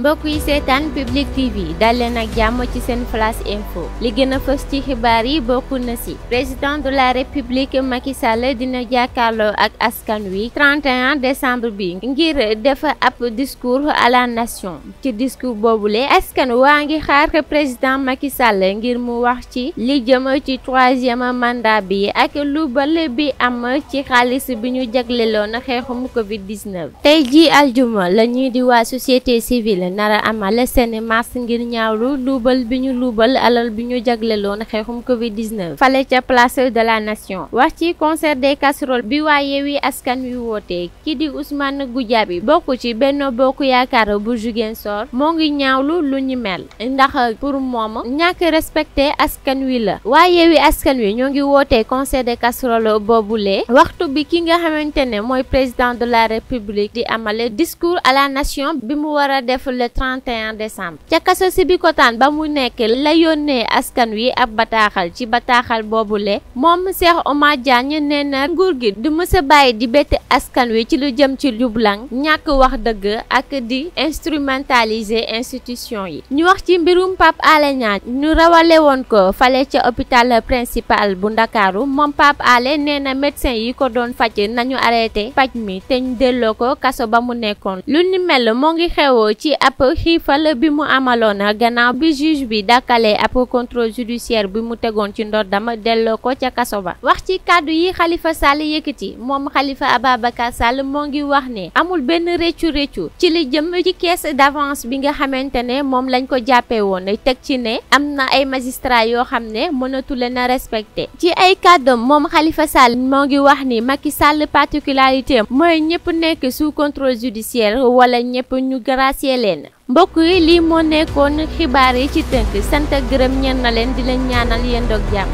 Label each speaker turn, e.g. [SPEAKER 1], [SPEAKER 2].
[SPEAKER 1] mbokk yi seetaan public tv dal leen ak jàmm ci seen flash info li gën a fës ci xibaar yi bokk na ci président de la république Macky Sall dina jàkkaarloo ak askan wi 31 décembre bi ngir def ab discours à la nation ci discours boobule askan waa ngi xaar président Macky Sall ngir mu wax ci li jëm ci troisième mandat bi ak lu bal bi am ci xaalis bi ñu jagleloon xeexum covid 19 tey ji aljuma la ñuy di waa société sivil nara amal seen mars ngir ñaawlu luubal bi ñu luubal alal bi ñu jagleloon xeexum Covid 19. fale ca place de la nation. wax ci concert des casseroles bi waaye wi Askan Wi wootee ki di Ousmane bi bokk ci benn Bokk Yaakaar bu Ziguinchor moo ngi ñaawlu lu ñu mel ndax pour moom ñàkk respecté askan wi la waa Yewwi Askan Wi ñoo ngi wootee concert des casseroles boobule waxtu bi ki nga xamante ne mooy président de la république di amale discours à la nation bi mu war def. le 31 décembre ca kaso Sébikotane ba mu nekk la yónnee askan wi ab bataaxal ci bataaxal boobu le moom Cheikh Oumar Diagne nee na nguur gi du mësa bàyyi di betti askan wi ci lu jëm ci jublang ñakk wax dëgg ak di instrumentaliser institution yi ñu wax ci mbirum Pape Alé Niang ñu rawale woon ko fale ca hôpital principal bu Ndakaaru moom Pape Alé nee na médecin yi ko doon faj nañu arrêté faj mi te delloo ko kaso ba mu nekkoon lu ni mel moo ngi xewoo ci ab xiifal bi mu amaloon gannaaw bi juge bi dàkkale ab contrôle judiciaire bi mu tegoon ci dama delloo ko ca kaso ba wax ci kàddu yi xalifa Sall yëkkati moom xalifa Ababacar Sall moo ngi wax ne amul benn réccu réccu ci li jëm ci caisse d'avance bi nga xamante ne moom lañ ko jàppee woon teg ci ne am na ay magistrat yoo xam ne mënatul leen a ci ay kàddoom moom xalifa Sall moo ngi wax ni Macky Sall particularité mooy ñëpp nekk su contrôle judiciaire wala ñëpp ñu gracier mbokk yi lii moo nekkoon xibaar yi ci tënk sant ak gërëm ñeen na leen di leen ñaanal yéen doog jàmm